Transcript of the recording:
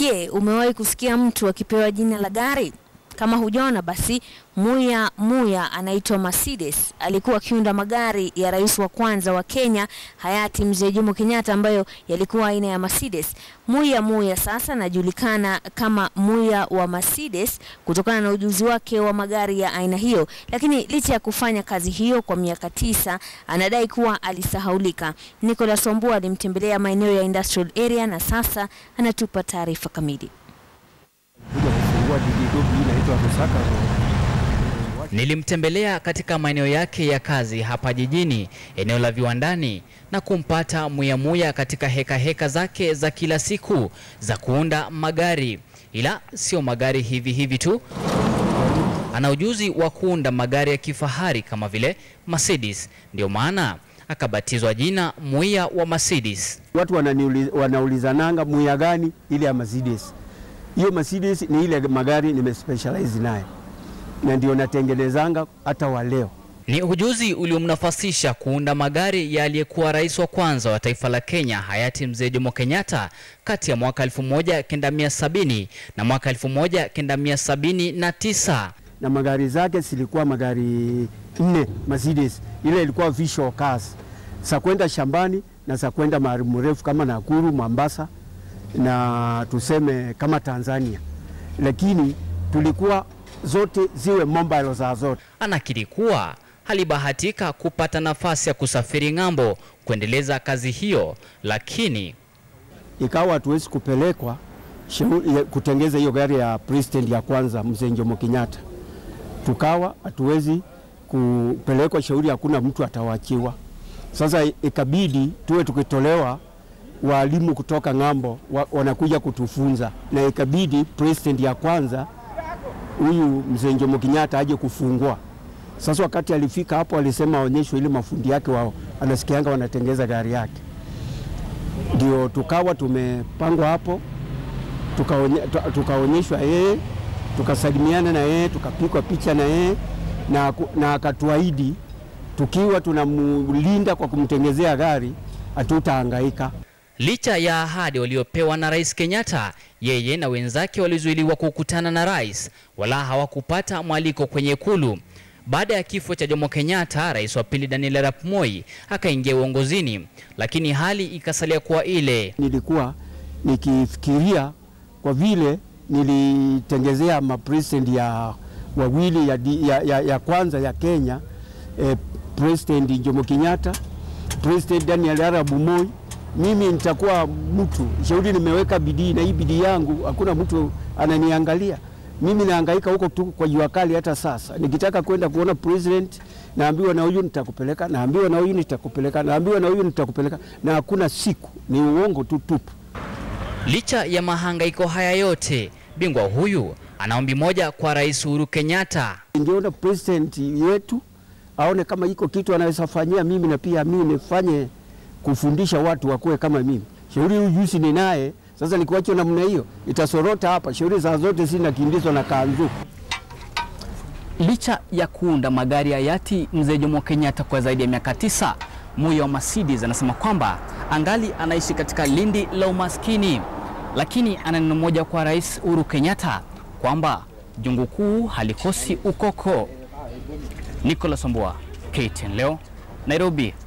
Je, umewahi kusikia mtu akipewa jina la gari? Kama hujaona basi, Muya Muya anaitwa Mercedes, alikuwa akiunda magari ya rais wa kwanza wa Kenya hayati Mzee Jomo Kenyatta ambayo yalikuwa aina ya Mercedes. Muya Muya sasa anajulikana kama Muya wa Mercedes kutokana na ujuzi wake wa magari ya aina hiyo, lakini licha ya kufanya kazi hiyo kwa miaka tisa, anadai kuwa alisahaulika. Nicholas Wambua alimtembelea maeneo ya industrial area na sasa anatupa taarifa kamili. Nilimtembelea katika maeneo yake ya kazi hapa jijini, eneo la viwandani, na kumpata muyamuya katika hekaheka heka zake za kila siku za kuunda magari, ila sio magari hivi hivi tu. Ana ujuzi wa kuunda magari ya kifahari kama vile Mercedes, ndio maana akabatizwa jina Muya wa Mercedes. Watu wananiuliza, wanaulizananga Muya gani ile ya Mercedes. Hiyo Mercedes ni ile magari specialize naye na ndio natengenezanga hata wa leo. Ni ujuzi uliomnafasisha kuunda magari ya aliyekuwa rais wa kwanza wa taifa la Kenya hayati mzee Jomo Kenyatta kati ya mwaka 1970 na mwaka 1979 na magari zake zilikuwa magari nne Mercedes. Ile ilikuwa visual cars za kwenda shambani na za kwenda mahali mrefu kama Nakuru, Mombasa na tuseme kama Tanzania, lakini tulikuwa zote ziwe mobile za zote. Anakiri kuwa alibahatika kupata nafasi ya kusafiri ng'ambo kuendeleza kazi hiyo, lakini ikawa hatuwezi kupelekwa kutengeza hiyo gari ya president ya kwanza mzee Jomo Kenyatta, tukawa hatuwezi kupelekwa shauri, hakuna mtu atawachiwa. Sasa ikabidi tuwe tukitolewa waalimu kutoka ng'ambo wa, wanakuja kutufunza, na ikabidi president ya kwanza huyu mzee Jomo Kenyatta aje kufungua. Sasa wakati alifika hapo, alisema aonyeshwe ile mafundi yake wao anasikianga wanatengeza gari yake, ndio tukawa tumepangwa hapo, tukaonyeshwa tuka yeye, tukasalimiana na yeye, tukapikwa picha na yeye na, na akatuahidi tukiwa tunamlinda kwa kumtengezea gari hatutahangaika. Licha ya ahadi waliopewa na Rais Kenyatta, yeye na wenzake walizuiliwa kukutana na rais, wala hawakupata mwaliko kwenye Ikulu. Baada ya kifo cha Jomo Kenyatta, rais wa pili Daniel Arap Moi akaingia uongozini, lakini hali ikasalia kuwa ile. Nilikuwa nikifikiria kwa vile nilitengezea mapresident ya wawili ya, ya, ya, ya kwanza ya Kenya eh, President Jomo Kenyatta, President Daniel Arap Moi mimi nitakuwa mtu shauri, nimeweka bidii na hii bidii yangu hakuna mtu ananiangalia mimi, naangaika huko tu kwa jua kali. Hata sasa nikitaka kwenda kuona president, naambiwa na huyu nitakupeleka, naambiwa na huyu nitakupeleka, naambiwa na huyu nitakupeleka, na hakuna siku, ni uongo tu tupu. Licha ya mahangaiko haya yote, bingwa huyu ana ombi moja kwa Rais Uhuru Kenyatta. Ningeona president yetu aone kama iko kitu anaweza fanyia mimi na pia mimi nifanye kufundisha watu wakuwe kama mimi. Shauri juzi ni naye sasa, nikuacho namna hiyo itasorota hapa. Shauri saa zote si nakimbizwa na kanzu. Licha ya kuunda magari ya hayati Mzee Jomo Kenyatta kwa zaidi ya miaka tisa, moyo wa Mercedes anasema kwamba angali anaishi katika lindi la umaskini, lakini ana neno moja kwa Rais Uhuru Kenyatta kwamba jungu kuu halikosi ukoko. Nicholas ombua KTN Leo, Nairobi.